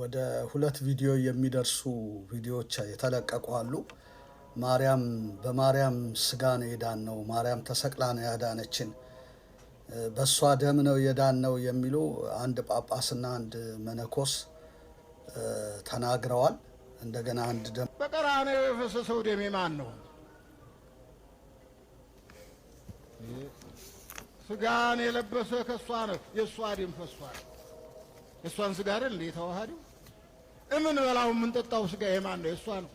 ወደ ሁለት ቪዲዮ የሚደርሱ ቪዲዮዎች የተለቀቁ አሉ። ማርያም በማርያም ስጋ ነው የዳን ነው፣ ማርያም ተሰቅላ ነው ያዳነችን፣ በእሷ ደም ነው የዳን ነው የሚሉ አንድ ጳጳስና አንድ መነኮስ ተናግረዋል። እንደገና አንድ ደም በቀራንዮ የፈሰሰው ደሜ ማን ነው? ስጋን የለበሰ ከእሷ ነው፣ የእሷ ደም ፈሷል። እሷን ስጋ አይደል እንዴ የተዋሃደው? እምን በላው የምንጠጣው ስጋ የማን ነው? የእሷ ነው።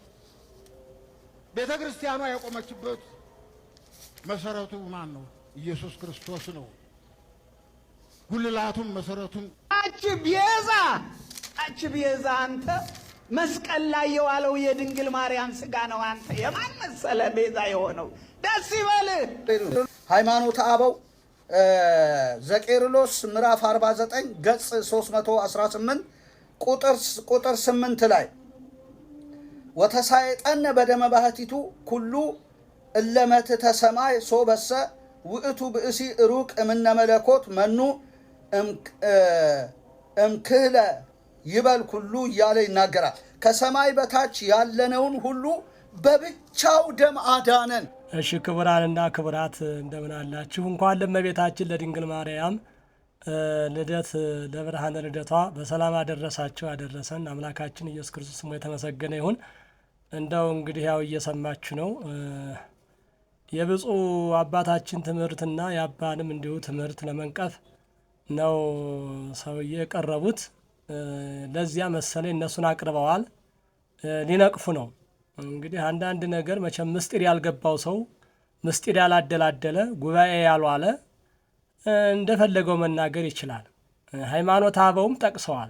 ቤተ ክርስቲያኗ የቆመችበት መሰረቱ ማን ነው? ኢየሱስ ክርስቶስ ነው። ጉልላቱም መሰረቱም አች ቤዛ አች ቤዛ አንተ መስቀል ላይ የዋለው የድንግል ማርያም ስጋ ነው። አንተ የማን መሰለ ቤዛ የሆነው? ደስ ይበልህ። ሃይማኖት አበው ዘቄርሎስ ምዕራፍ 49 ገጽ 318 ቁጥር 8 ላይ ወተሳይጠነ በደመ ባህቲቱ ኩሉ እለመትተ ሰማይ በሰ ውእቱ ብእሲ ሩቅ እምነ መለኮት መኑ እምክህለ ይበል ኩሉ እያለ ይናገራል። ከሰማይ በታች ያለነውን ሁሉ በብቻው ደም አዳነን። እሺ ክቡራንና ክቡራት እንደምን አላችሁ? እንኳን ለእመቤታችን ለድንግል ማርያም ልደት ለብርሃነ ልደቷ በሰላም አደረሳችሁ አደረሰን። አምላካችን ኢየሱስ ክርስቶስ ስሙ የተመሰገነ ይሁን። እንደው እንግዲህ ያው እየሰማችሁ ነው የብፁዕ አባታችን ትምህርትና የአባንም እንዲሁ ትምህርት ለመንቀፍ ነው ሰውዬ የቀረቡት። ለዚያ መሰለኝ እነሱን አቅርበዋል ሊነቅፉ ነው እንግዲህ አንዳንድ ነገር መቼም ምስጢር ያልገባው ሰው ምስጢር ያላደላደለ ጉባኤ ያልዋለ እንደፈለገው መናገር ይችላል። ሃይማኖት አበውም ጠቅሰዋል።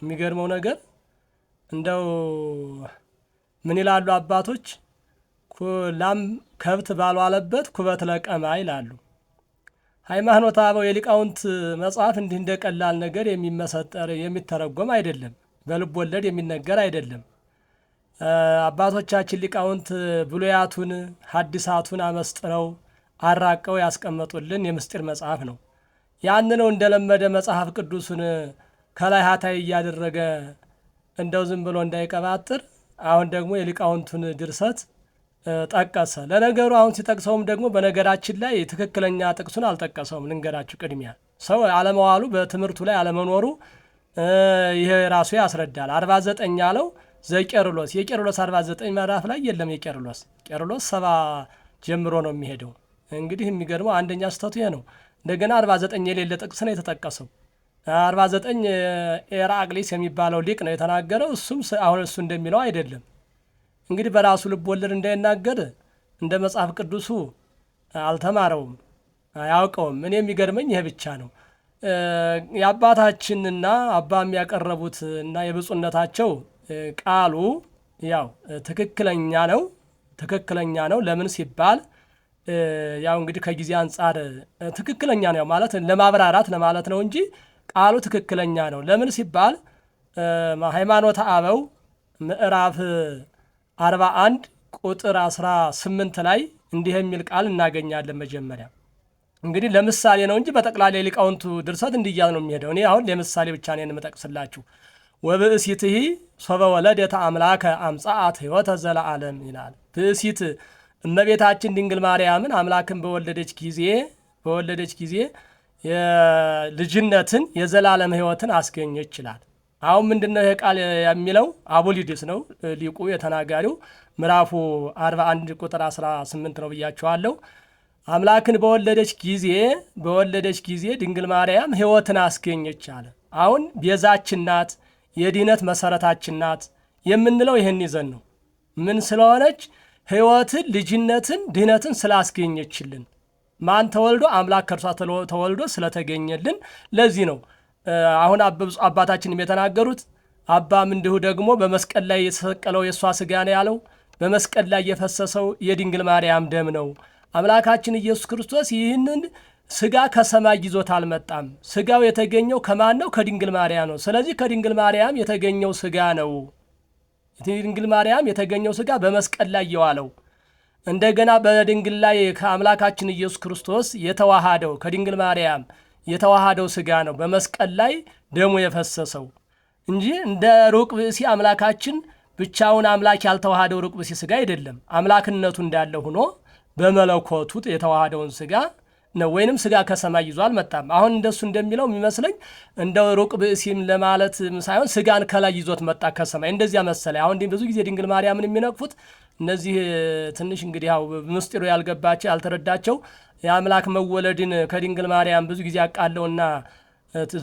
የሚገርመው ነገር እንደው ምን ይላሉ አባቶች ላም ከብት ባልዋለበት ኩበት ለቀማ ይላሉ። ሃይማኖት አበው የሊቃውንት መጽሐፍ እንዲህ እንደ ቀላል ነገር የሚመሰጠር የሚተረጎም አይደለም። በልብ ወለድ የሚነገር አይደለም። አባቶቻችን ሊቃውንት ብሉያቱን ሐዲሳቱን አመስጥረው አራቀው ያስቀመጡልን የምስጢር መጽሐፍ ነው። ነው እንደለመደ መጽሐፍ ቅዱሱን ከላይ ሀታይ እያደረገ እንደው ዝም ብሎ እንዳይቀባጥር አሁን ደግሞ የሊቃውንቱን ድርሰት ጠቀሰ። ለነገሩ አሁን ሲጠቅሰውም ደግሞ በነገራችን ላይ ትክክለኛ ጥቅሱን አልጠቀሰውም። ልንገራችሁ ቅድሚያ ሰው አለመዋሉ በትምህርቱ ላይ አለመኖሩ ይሄ ራሱ ያስረዳል። አርባ ዘጠኝ ያለው ዘቄርሎስ የቄርሎስ 49 ምዕራፍ ላይ የለም። የቄርሎስ ቄርሎስ ሰባ ጀምሮ ነው የሚሄደው። እንግዲህ የሚገርመው አንደኛ ስህተቱ ይሄ ነው። እንደገና 49 የሌለ ጥቅስ ነው የተጠቀሰው። 49 ኤራቅሊስ የሚባለው ሊቅ ነው የተናገረው። እሱም አሁን እሱ እንደሚለው አይደለም። እንግዲህ በራሱ ልብ ወለድ እንዳይናገር እንደ መጽሐፍ ቅዱሱ አልተማረውም፣ አያውቀውም። እኔ የሚገርመኝ ይሄ ብቻ ነው። የአባታችንና አባም ያቀረቡት እና የብፁነታቸው ቃሉ ያው ትክክለኛ ነው ትክክለኛ ነው። ለምን ሲባል ያው እንግዲህ ከጊዜ አንጻር ትክክለኛ ነው ማለት ለማብራራት ለማለት ነው እንጂ ቃሉ ትክክለኛ ነው። ለምን ሲባል ሃይማኖተ አበው ምዕራፍ 41 ቁጥር 18 ላይ እንዲህ የሚል ቃል እናገኛለን። መጀመሪያ እንግዲህ ለምሳሌ ነው እንጂ በጠቅላላ ሊቃውንቱ ድርሰት እንዲያዝ ነው የሚሄደው። እኔ አሁን ለምሳሌ ብቻ ነው የምጠቅስላችሁ። ወብእሲትሂ ሶበ ወለደተ አምላከ አምጻአት ሕይወተ ዘለዓለም ይላል። ብእሲት እመቤታችን ድንግል ማርያምን አምላክን በወለደች ጊዜ በወለደች ጊዜ የልጅነትን የዘላለም ሕይወትን አስገኘች ይላል። አሁን ምንድነው ይሄ ቃል የሚለው? አቡሊድስ ነው ሊቁ የተናጋሪው። ምዕራፉ 41 ቁጥር 18 ነው ብያቸዋለሁ። አምላክን በወለደች ጊዜ በወለደች ጊዜ ድንግል ማርያም ሕይወትን አስገኘች አለ። አሁን ቤዛችን ናት። የድነት መሰረታችን ናት የምንለው ይህን ይዘን ነው። ምን ስለሆነች? ህይወትን ልጅነትን፣ ድህነትን ስላስገኘችልን ማን ተወልዶ አምላክ ከእርሷ ተወልዶ ስለተገኘልን። ለዚህ ነው አሁን አባታችንም የተናገሩት አባም እንዲሁ ደግሞ በመስቀል ላይ የተሰቀለው የእሷ ስጋ ነው ያለው። በመስቀል ላይ የፈሰሰው የድንግል ማርያም ደም ነው። አምላካችን ኢየሱስ ክርስቶስ ይህንን ስጋ ከሰማይ ይዞት አልመጣም። ስጋው የተገኘው ከማን ነው? ከድንግል ማርያም ነው። ስለዚህ ከድንግል ማርያም የተገኘው ስጋ ነው። ድንግል ማርያም የተገኘው ስጋ በመስቀል ላይ የዋለው እንደገና በድንግል ላይ ከአምላካችን ኢየሱስ ክርስቶስ የተዋሃደው ከድንግል ማርያም የተዋሃደው ስጋ ነው በመስቀል ላይ ደሙ የፈሰሰው እንጂ እንደ ሩቅ ብእሲ አምላካችን ብቻውን አምላክ ያልተዋሃደው ሩቅ ብእሲ ስጋ አይደለም። አምላክነቱ እንዳለ ሆኖ በመለኮቱ የተዋሃደውን ስጋ ነው ወይንም ስጋ ከሰማይ ይዞ አልመጣም። አሁን እንደሱ እንደሚለው የሚመስለኝ እንደ ሩቅ ብእሲም ለማለት ሳይሆን ስጋን ከላይ ይዞት መጣ ከሰማይ እንደዚያ መሰለ። አሁን ብዙ ጊዜ ድንግል ማርያምን የሚነቅፉት እነዚህ ትንሽ እንግዲህ ያው ምስጢሩ ያልገባቸው ያልተረዳቸው የአምላክ መወለድን ከድንግል ማርያም ብዙ ጊዜ አቃለውና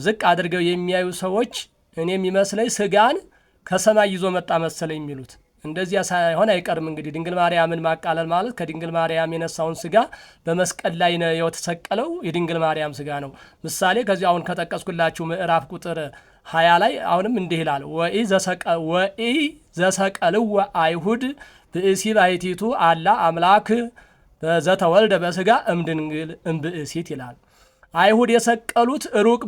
ዝቅ አድርገው የሚያዩ ሰዎች እኔ የሚመስለኝ ስጋን ከሰማይ ይዞ መጣ መሰለ የሚሉት እንደዚያ ሳይሆን አይቀርም። እንግዲህ ድንግል ማርያምን ማቃለል ማለት ከድንግል ማርያም የነሳውን ስጋ በመስቀል ላይ የተሰቀለው የድንግል ማርያም ስጋ ነው። ምሳሌ ከዚህ አሁን ከጠቀስኩላችሁ ምዕራፍ ቁጥር ሀያ ላይ አሁንም እንዲህ ይላል ወኢ ዘሰቀልወ አይሁድ ብእሲ ባይቲቱ አላ አምላክ ዘተወልደ በስጋ እምድንግል እምብእሲት ይላል። አይሁድ የሰቀሉት ሩቅ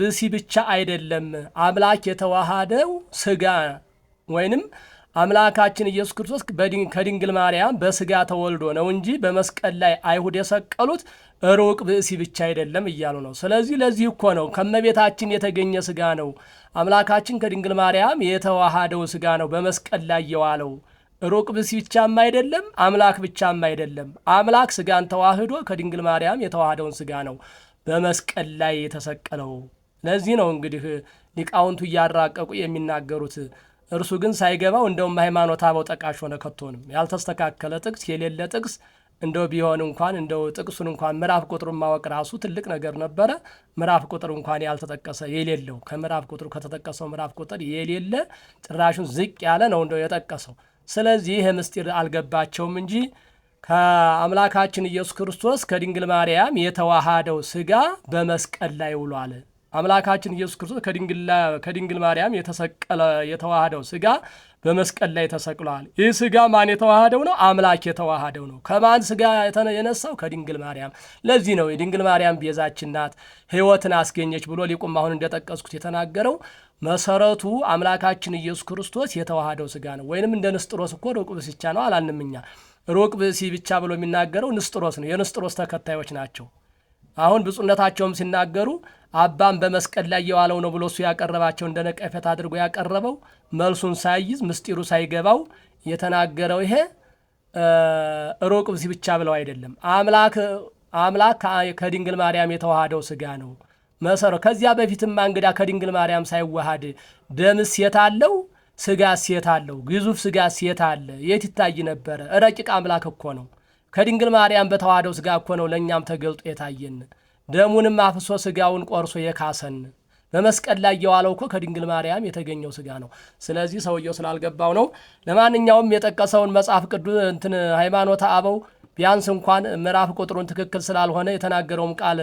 ብሲ ብቻ አይደለም፣ አምላክ የተዋሃደው ስጋ ወይንም አምላካችን ኢየሱስ ክርስቶስ ከድንግል ማርያም በስጋ ተወልዶ ነው እንጂ በመስቀል ላይ አይሁድ የሰቀሉት ሩቅ ብእሲ ብቻ አይደለም እያሉ ነው። ስለዚህ ለዚህ እኮ ነው ከመቤታችን የተገኘ ስጋ ነው አምላካችን ከድንግል ማርያም የተዋሃደው ስጋ ነው በመስቀል ላይ የዋለው። ሩቅ ብእሲ ብቻም አይደለም፣ አምላክ ብቻም አይደለም። አምላክ ስጋን ተዋህዶ ከድንግል ማርያም የተዋህደውን ስጋ ነው በመስቀል ላይ የተሰቀለው። ለዚህ ነው እንግዲህ ሊቃውንቱ እያራቀቁ የሚናገሩት እርሱ ግን ሳይገባው እንደውም ሃይማኖት አበው ጠቃሽ ሆነ። ከቶንም ያልተስተካከለ ጥቅስ የሌለ ጥቅስ እንደው ቢሆን እንኳን እንደው ጥቅሱን እንኳን ምዕራፍ ቁጥሩን ማወቅ ራሱ ትልቅ ነገር ነበረ። ምዕራፍ ቁጥር እንኳን ያልተጠቀሰ የሌለው ከምዕራፍ ቁጥሩ ከተጠቀሰው ምዕራፍ ቁጥር የሌለ ጭራሹን ዝቅ ያለ ነው እንደው የጠቀሰው። ስለዚህ ይህ ምስጢር አልገባቸውም እንጂ ከአምላካችን ኢየሱስ ክርስቶስ ከድንግል ማርያም የተዋሃደው ስጋ በመስቀል ላይ ውሏል። አምላካችን ኢየሱስ ክርስቶስ ከድንግል ማርያም የተሰቀለ የተዋህደው ስጋ በመስቀል ላይ ተሰቅሏል። ይህ ስጋ ማን የተዋህደው ነው? አምላክ የተዋህደው ነው። ከማን ስጋ የነሳው? ከድንግል ማርያም። ለዚህ ነው የድንግል ማርያም ቤዛችን ናት፣ ሕይወትን አስገኘች ብሎ ሊቁም አሁን እንደጠቀስኩት የተናገረው መሰረቱ አምላካችን ኢየሱስ ክርስቶስ የተዋህደው ስጋ ነው። ወይንም እንደ ንስጥሮስ እኮ ሩቅ ብስቻ ነው አላንምኛ እኛ። ሩቅ ብእሲ ብቻ ብሎ የሚናገረው ንስጥሮስ ነው። የንስጥሮስ ተከታዮች ናቸው። አሁን ብፁነታቸውም ሲናገሩ አባም በመስቀል ላይ የዋለው ነው ብሎ እሱ ያቀረባቸው እንደ ነቀፈት አድርጎ ያቀረበው መልሱን ሳይይዝ ምስጢሩ ሳይገባው የተናገረው ይሄ ሩቅ ብእሲ ብቻ ብለው አይደለም። አምላክ አምላክ ከድንግል ማርያም የተዋሃደው ስጋ ነው መሰረ ከዚያ በፊትማ እንግዳ ከድንግል ማርያም ሳይዋሃድ ደም ሴት አለው? ስጋ ሴት አለው። ግዙፍ ስጋ ሴት አለ። የት ይታይ ነበረ? ረቂቅ አምላክ እኮ ነው። ከድንግል ማርያም በተዋሃደው ስጋ እኮ ነው ለእኛም ተገልጦ የታየን። ደሙንም አፍሶ ስጋውን ቆርሶ የካሰን በመስቀል ላይ የዋለው እኮ ከድንግል ማርያም የተገኘው ስጋ ነው። ስለዚህ ሰውየው ስላልገባው ነው። ለማንኛውም የጠቀሰውን መጽሐፍ ቅዱስ እንትን ሃይማኖተ አበው ቢያንስ እንኳን ምዕራፍ ቁጥሩን ትክክል ስላልሆነ የተናገረውም ቃል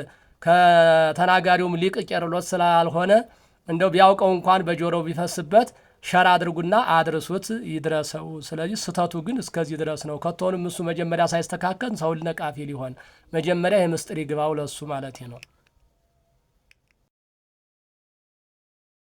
ከተናጋሪውም ሊቅ ቄርሎስ ስላልሆነ እንደው ቢያውቀው እንኳን በጆሮው ቢፈስበት ሸራ አድርጉና አድርሱት ይድረሰው። ስለዚህ ስህተቱ ግን እስከዚህ ድረስ ነው። ከቶሆንም እሱ መጀመሪያ ሳይስተካከል ሰውን ነቃፊ ሊሆን መጀመሪያ የምስጢር ይግባው ለሱ ማለት ነው።